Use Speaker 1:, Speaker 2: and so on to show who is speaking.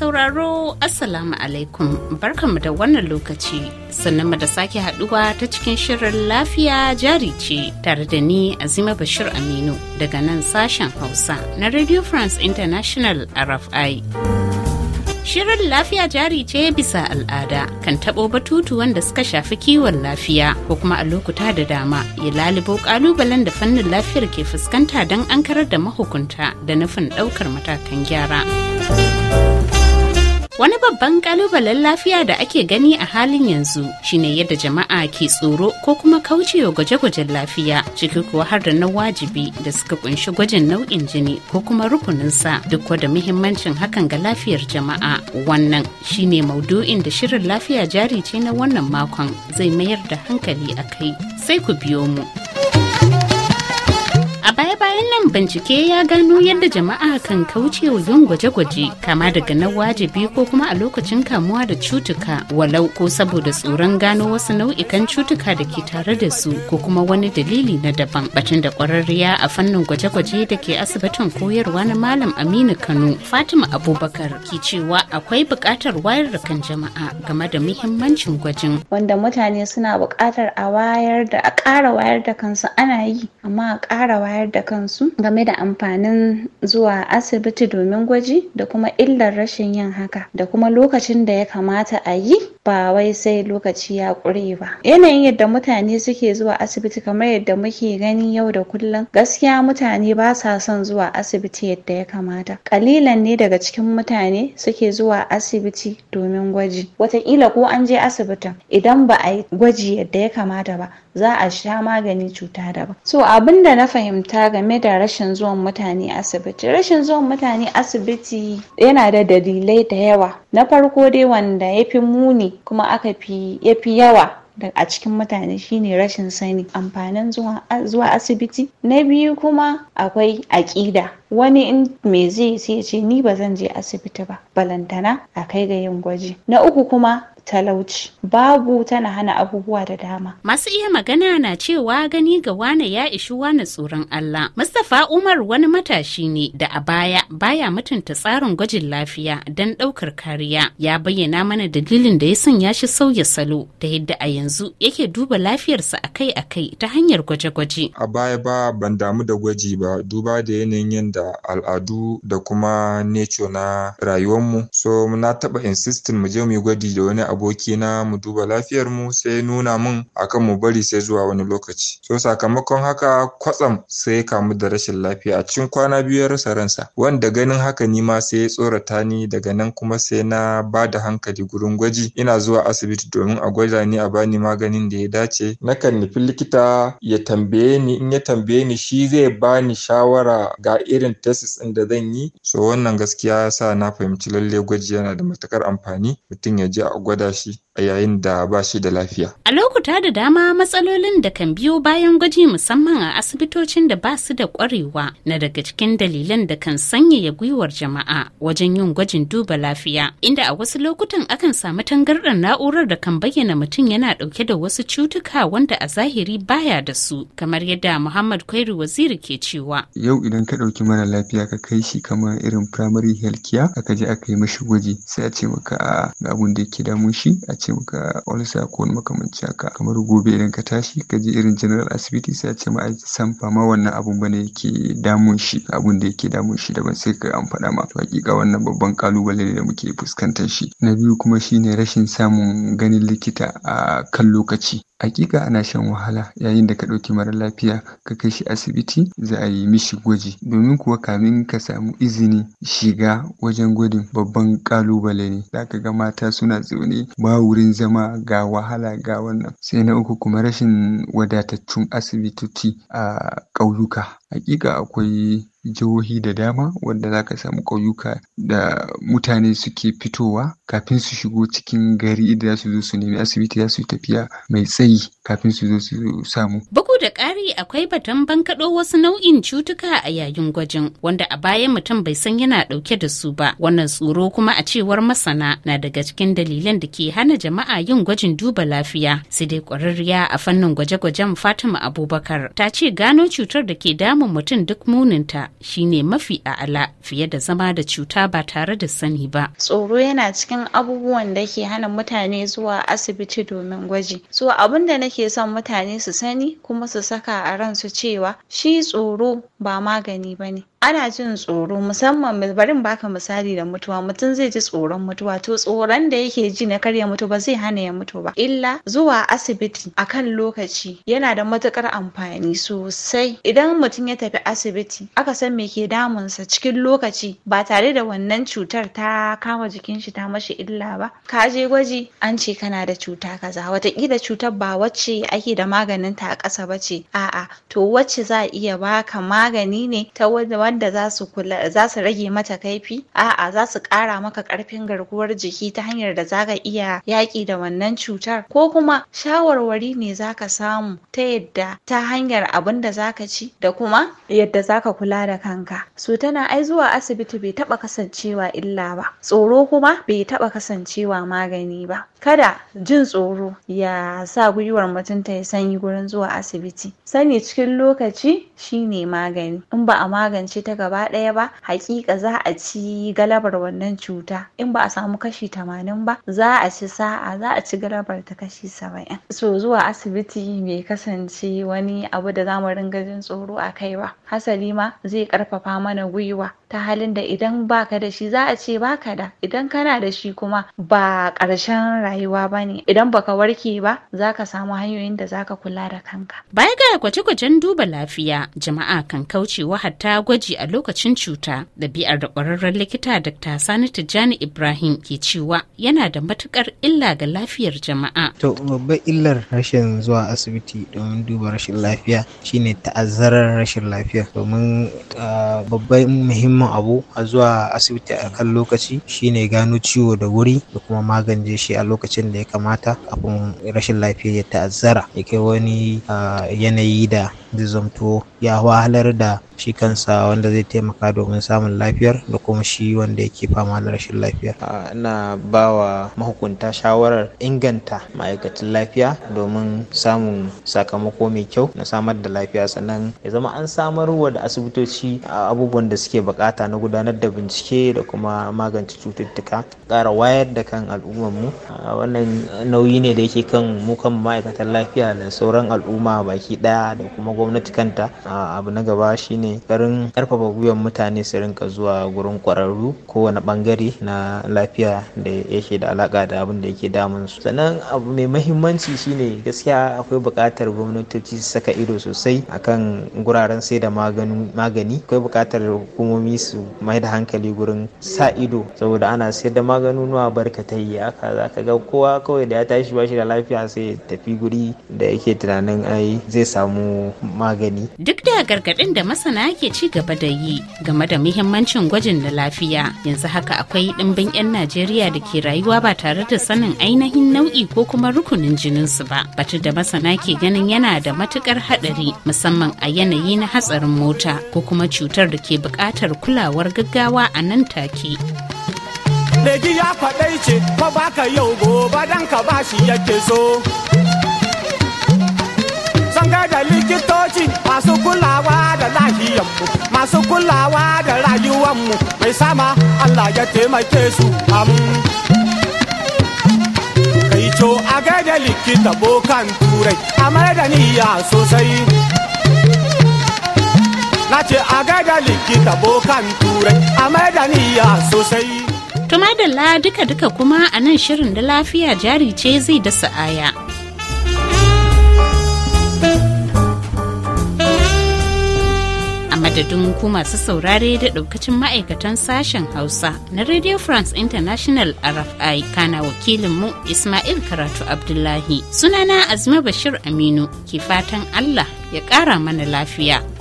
Speaker 1: sauraro Assalamu alaikum barkanmu da wannan lokaci sannanmu da sake haduwa ta cikin shirin lafiya jari ce tare da ni Azima Bashir Aminu daga nan sashen Hausa na Radio France International RFI. Shirin lafiya jari ce bisa al'ada kan taɓo batutu wanda suka shafi kiwon lafiya ko kuma a lokuta da dama ya lalibo kalubalen da fannin lafiyar ke fuskanta don an karar da mahukunta da nufin ɗaukar matakan gyara. Wani babban kalubalen lafiya da ake gani a halin yanzu shine yadda jama'a ke tsoro ko kuma kaucewa gwaje-gwajen lafiya ciki kuwa har da na wajibi da suka kunshi gwajin nau'in jini ko kuma rukuninsa duk da muhimmancin hakan ga lafiyar jama'a. Wannan shine maudu'in da shirin lafiya jari ce na wannan makon zai mayar da hankali a kai. Sai ku biyo mu. A baya bayan nan bincike ya gano yadda jama'a kan wa yin gwaje-gwaje kama daga na wajibi ko kuma a lokacin kamuwa da cutuka walau ko saboda tsoron gano wasu nau'ikan cutuka da ke tare da su ko kuma wani dalili na daban batun da kwararriya a fannin gwaje-gwaje da ke asibitin koyarwa na malam aminu kano fatima abubakar ke cewa akwai buƙatar wayar da kan jama'a game da muhimmancin gwajin
Speaker 2: wanda mutane suna buƙatar a wayar da a ƙara wayar da kansu ana yi amma a ƙara wayar da kansu game da amfanin zuwa asibiti domin gwaji da kuma illar rashin yin haka da kuma lokacin da ya kamata a yi ba wai sai lokaci ya ƙure ba yanayin yadda mutane suke zuwa asibiti kamar yadda muke gani yau da kullum gaskiya mutane ba sa son zuwa asibiti yadda ya kamata ƙalilan ne daga cikin mutane suke zuwa asibiti domin gwaji Watakila ko an je asibitin idan ba a yi gwaji yadda ya kamata ba za a sha magani cuta ba. so abin da na fahimta game da rashin zuwan mutane asibiti rashin zuwan mutane asibiti yana da dalilai da yawa na farko dai wanda ya fi muni kuma aka fi ya fi yawa a cikin mutane shine rashin sani amfanin zuwa asibiti na biyu kuma akwai aƙida wani in me zai sai ya ce ni ba zan je asibiti ba balantana a kai ga yin gwaji na uku kuma talauci babu tana hana abubuwa da dama
Speaker 1: masu iya magana na cewa gani ga wane ya ishi wane tsoron Allah Mustapha Umar wani matashi ne da a baya baya mutunta tsarin gwajin lafiya don ɗaukar kariya ya bayyana mana dalilin da ya sanya shi sauya salo da yadda a yanzu yake duba lafiyarsa akai-akai ta hanyar gwaje-gwaje
Speaker 3: a baya ba ban damu da gwaji ba duba da yanayin yadda da al'adu da kuma nature na rayuwar mu so na taɓa insisting mu je mu yi gwaji da wani aboki na mu duba lafiyar mu sai nuna mun akan mu bari sai zuwa wani lokaci so sakamakon haka kwatsam sai ya kamu da rashin lafiya a cikin kwana biyu ya rasa ransa wanda ganin haka ni ma sai ya tsorata ni daga nan kuma sai na ba da hankali gurin gwaji ina zuwa asibiti domin a gwada ni a bani maganin da ya dace nakan nufi likita ya tambaye ni in ya tambaye ni shi zai bani shawara ga irin irin tesis ɗin da zan yi so wannan gaskiya ya sa na fahimci lalle gwaji yana da matukar amfani mutum ya je a gwada shi a yayin da ba shi da lafiya.
Speaker 1: A lokuta da dama matsalolin da kan biyo bayan gwaji musamman a asibitocin da ba su da kwarewa na daga cikin dalilan da kan sanyaya gwiwar jama'a wajen yin gwajin duba lafiya inda a wasu lokutan akan samu tangarɗar na'urar da kan bayyana mutum yana ɗauke da wasu cutuka wanda a zahiri baya da su kamar yadda Muhammad Kwairu Waziri ke cewa.
Speaker 3: Yau idan ka ɗauki mara lafiya ka kai shi kamar irin primary health care aka je aka yi mashi gwaji sai a ce maka a ga abun da yake damun shi a ce maka ulcer ko wani makamanci haka kamar gobe idan ka tashi ka je irin general asibiti sai a ce ma aiki san ba ma wannan abun bane yake damun shi abun da yake damun shi daban sai ka an faɗa ma to hakika wannan babban kalubale ne da muke fuskantar shi na biyu kuma shine rashin samun ganin likita a kan lokaci Hakika ana shan wahala yayin da ka ɗauki mara lafiya ka kai shi asibiti za a yi mishi gwaji. Domin kuwa kamin ka samu izini shiga wajen gwajin babban ƙalubale ne. Za ka ga mata suna zaune ba wurin zama ga wahala ga wannan. Sai na uku kuma rashin wadatattun asibitoci a ƙauyuka. Hakika akwai jihohi da dama wanda za ka samu ƙauyuka da mutane suke fitowa kafin su shigo cikin gari idan za su zo su nemi asibiti za su yi tafiya mai tsayi kafin su zo su samu.
Speaker 1: da ƙari akwai batun bankaɗo wasu nau'in cutuka a yayin gwajin wanda a baya mutum bai san yana ɗauke da su ba. Wannan tsoro kuma a cewar masana na daga cikin dalilan da ke hana jama'a yin gwajin duba lafiya. Sai dai ƙwararriya a fannin gwaje-gwajen Fatima Abubakar ta ce gano cutar da ke damun mutum duk muninta shine mafi a'ala fiye da zama da cuta ba tare da sani ba.
Speaker 2: Tsoro yana cikin abubuwan da ke hana mutane zuwa asibiti domin gwaji. So abin da nake son mutane su sani kuma su saka a ransu cewa shi tsoro ba magani ba ne. ana jin tsoro musamman bari baka misali da mutuwa mutum zai ji tsoron mutuwa to tsoron da yake ji na karya mutu ba zai hana ya mutu ba illa zuwa asibiti a kan lokaci yana da matukar amfani sosai idan mutum ya tafi asibiti aka san me ke damunsa cikin lokaci ba tare da wannan cutar ta kama jikin shi ta mashi illa ba ka je gwaji an ce kana da cuta kaza watakila cutar ba wacce ake da maganin ta a ƙasa ba ce a'a to wacce za a iya baka magani ne ta wanda wanda za su rage mata kaifi a'a za su kara maka karfin garkuwar jiki ta hanyar da zaka iya yaki da wannan cutar ko kuma shawarwari ne zaka samu ta yadda ta hanyar abin da zaka ci da kuma yadda zaka kula da kanka su tana ai zuwa asibiti bai taba kasancewa illa ba tsoro kuma bai taɓa kasancewa magani ba kada jin tsoro ya sa gwiwar mutum ta yi sanyi gurin zuwa asibiti sani cikin lokaci shine magani in ba a magance ce ta gaba ɗaya ba haƙiƙa za a ci galabar wannan cuta in ba a samu kashi tamanin ba za a ci sa'a za a ci galabar ta kashi saba'in so zuwa asibiti bai kasance wani abu da zamu ringa jin tsoro a kai ba hasali ma zai karfafa mana gwiwa ta halin da idan baka da shi za a ce baka da idan kana da shi kuma ba karshen rayuwa ba ne idan baka warke ba za ka samu hanyoyin da za ka kula da kanka.
Speaker 1: Baya ga gwaje-gwajen duba lafiya jama'a kan kauce wa hatta gwaji a lokacin cuta ɗabi'ar da ƙwararren likita Dr. Sani Tijjani Ibrahim ke cewa yana da matukar illa ga lafiyar jama'a.
Speaker 4: To babbar illar rashin zuwa asibiti domin duba rashin lafiya shine ta'azzarar rashin lafiya domin ah, babban muhimmin muhimmin abu a zuwa asibiti a kan lokaci shine gano ciwo da wuri da kuma magance shi a lokacin da ya kamata kafin rashin lafiya ya ta'azzara ya kai wani ah, yanayi da da zamto ya wahalar da shi kansa wanda zai taimaka domin samun lafiyar da kuma shi wanda yake fama da rashin lafiyar. Ina ba wa mahukunta shawarar inganta ma'aikatan lafiya domin samun sakamako mai kyau na samar da lafiya sannan ya zama an samar wa da asibitoci abubuwan da suke bukata na gudanar da bincike da kuma magance cututtuka ƙara wayar da kan al'ummarmu wannan nauyi ne da yake kan mu kan ma'aikatan lafiya da sauran al'umma baki ɗaya da kuma gwamnati kanta abu na gaba shine karin karfafa gwiwar mutane su rinka zuwa gurin kwararru kowane bangare na lafiya da yake da alaka da abin da yake damun su sannan abu mai mahimmanci shine gaskiya akwai bukatar gwamnatoci su saka ido sosai akan guraren sai da magani akwai buƙatar hukumomi su mai da hankali gurin sa ido saboda ana sayar da maganunuwa barkatai haka za ka ga kowa kawai da ya tashi ba da lafiya sai tafi guri da yake tunanin ai zai samu magani.
Speaker 1: Duk da gargaɗin da masana ke ci gaba da yi game da muhimmancin gwajin da lafiya yanzu haka akwai ɗimbin 'yan Najeriya da ke rayuwa ba tare da sanin ainihin nau'i ko kuma rukunin jininsu ba. Batu da masana ke ganin yana da matukar haɗari musamman a yanayi na hatsarin mota ko kuma cutar da ke buƙatar kulawar gaggawa a nan take.
Speaker 3: Leji ya faɗai ce, ba ka yau gobe dan ka bashi yake so. Mun da likitoci masu kulawa da lahiyanmu, masu kulawa da rayuwanmu mai sama Allah ya taimake su amu kai to a gaida likita bokan turai a da niyya sosai na ce a gaida likita bokan turai a da niyya sosai
Speaker 1: to madalla duka-duka kuma a nan shirin da lafiya jari ce zai dasa aya adadin ku masu saurare da daukacin ma'aikatan sashen hausa na radio france international rfi kana mu ismail karatu abdullahi sunana azuma bashir aminu ke fatan allah ya kara mana lafiya